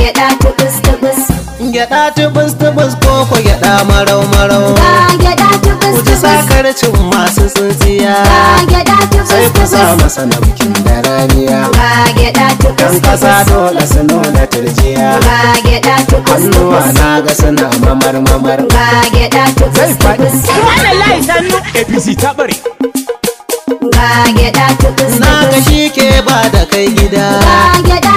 Gyaɗa tubus tubus. Gyaɗa tubus tubus ko ku gyaɗa marau marau. Ba gyaɗa tubus tubus. Ku ji sakarcin masu tsintsiya. Ba gyaɗa tubus tubus. Sai ku sa masa namkin da raniya. Ba gyaɗa tubus tubus. Kan kasa dole su nuna turjiya. Ba gyaɗa tubus tubus. Hannuwa na ga suna mamar mamar. Ba gyaɗa tubus tubus. layi APC ta Ba gyaɗa tubus tubus. Na ga shi ke ba da kai gida. Ba gyaɗa